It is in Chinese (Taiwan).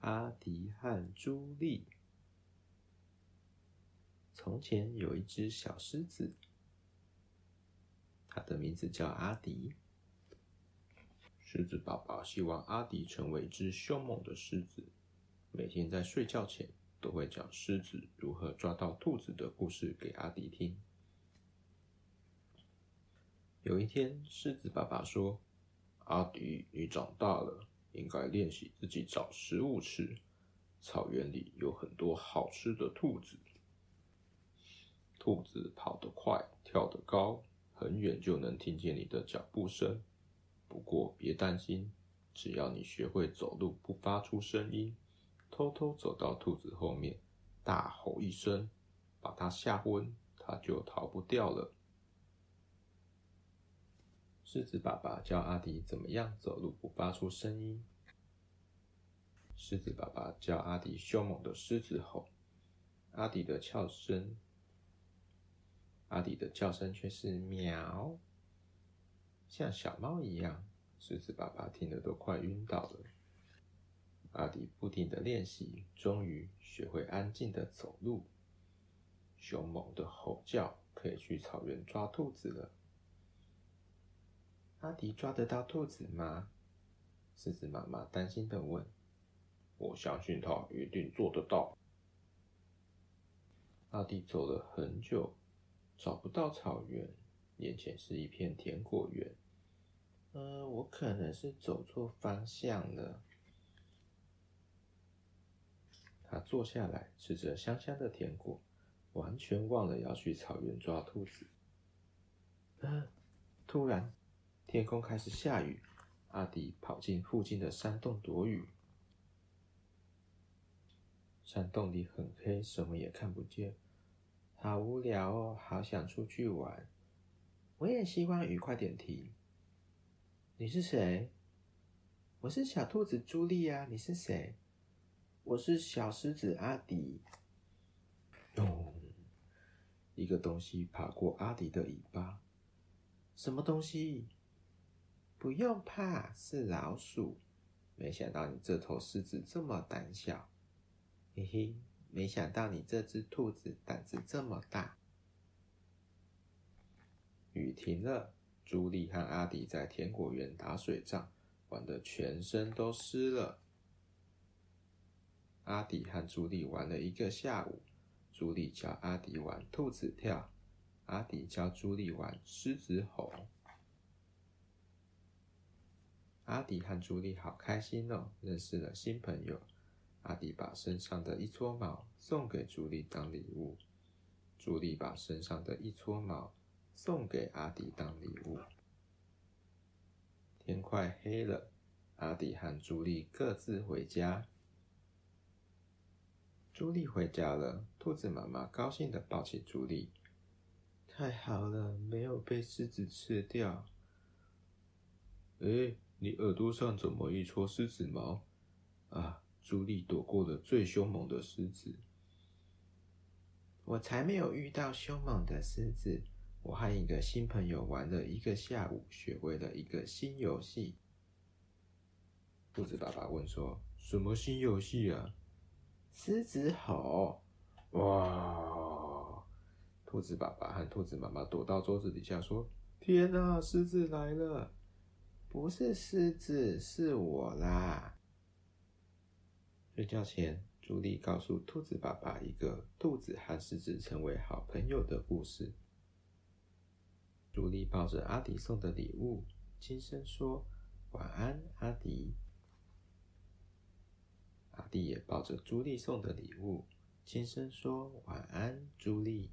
阿迪和朱莉。從前有一隻小獅子，它的名字叫阿迪。獅子寶寶希望阿迪成為一隻兇猛的獅子，每天在睡覺前都會講獅子如何抓到兔子的故事給阿迪聽。有一天，獅子爸爸說：“阿迪，你長大了，應該練習自己找食物吃。草原裡有很多好吃的兔子，兔子跑得快，跳得高，很遠就能聽見你的腳步聲。不過別擔心，只要你學會走路不發出聲音，偷偷走到兔子後面，大吼一聲，把它嚇昏，它就逃不掉了。”獅子爸爸教阿迪怎麼樣走路不發出聲音。獅子爸爸教阿迪凶猛的獅子吼，阿迪的叫聲，阿迪的叫聲卻是喵，像小貓一樣。獅子爸爸聽得都快暈倒了。阿迪不停的練習，終於學會安靜的走路。凶猛的吼叫，可以去草原抓兔子了。阿迪抓得到兔子嗎？獅子媽媽擔心地問。我相信他一定做得到。阿迪走了很久，找不到草原，眼前是一片甜果園。呃，我可能是走錯方向了。他坐下來，吃着香香的甜果，完全忘了要去草原抓兔子。啊，突然。天空開始下雨，阿迪跑進附近的山洞躲雨。山洞裡很黑，什麼也看不見，好無聊哦！好想出去玩。我也希望雨快點停。你是誰？我是小兔子朱莉啊！你是誰？我是小獅子阿迪。咚、哦！一個東西爬過阿迪的尾巴。什麼東西？不用怕，是老鼠。沒想到你這頭獅子這麼膽小，嘿嘿，沒想到你這隻兔子膽子這麼大。雨停了，朱莉和阿迪在田果園打水仗，玩得全身都濕了。阿迪和朱莉玩了一個下午，朱莉教阿迪玩兔子跳，阿迪教朱莉玩獅子吼。阿迪和朱莉好開心哦，認識了新朋友。阿迪把身上的一撮毛送給朱莉當禮物。朱莉把身上的一撮毛送給阿迪當禮物。天快黑了，阿迪和朱莉各自回家。朱莉回家了，兔子媽媽高興地抱起朱莉。太好了，沒有被獅子吃掉。嗯你耳朵上怎麼一撮獅子毛？啊！朱莉躲過了最凶猛的獅子。我才沒有遇到凶猛的獅子。我和一個新朋友玩了一個下午，學會了一個新遊戲。兔子爸爸問說：“什麼新遊戲啊？”獅子吼！哇！兔子爸爸和兔子媽媽躲到桌子底下說：“天哪，獅子來了！”不是獅子，是我啦。睡覺前，朱莉告訴兔子爸爸一個兔子和獅子成為好朋友的故事。朱莉抱着阿迪送的禮物，輕聲說：“晚安，阿迪。”阿迪也抱着朱莉送的禮物，輕聲說：“晚安，朱莉。”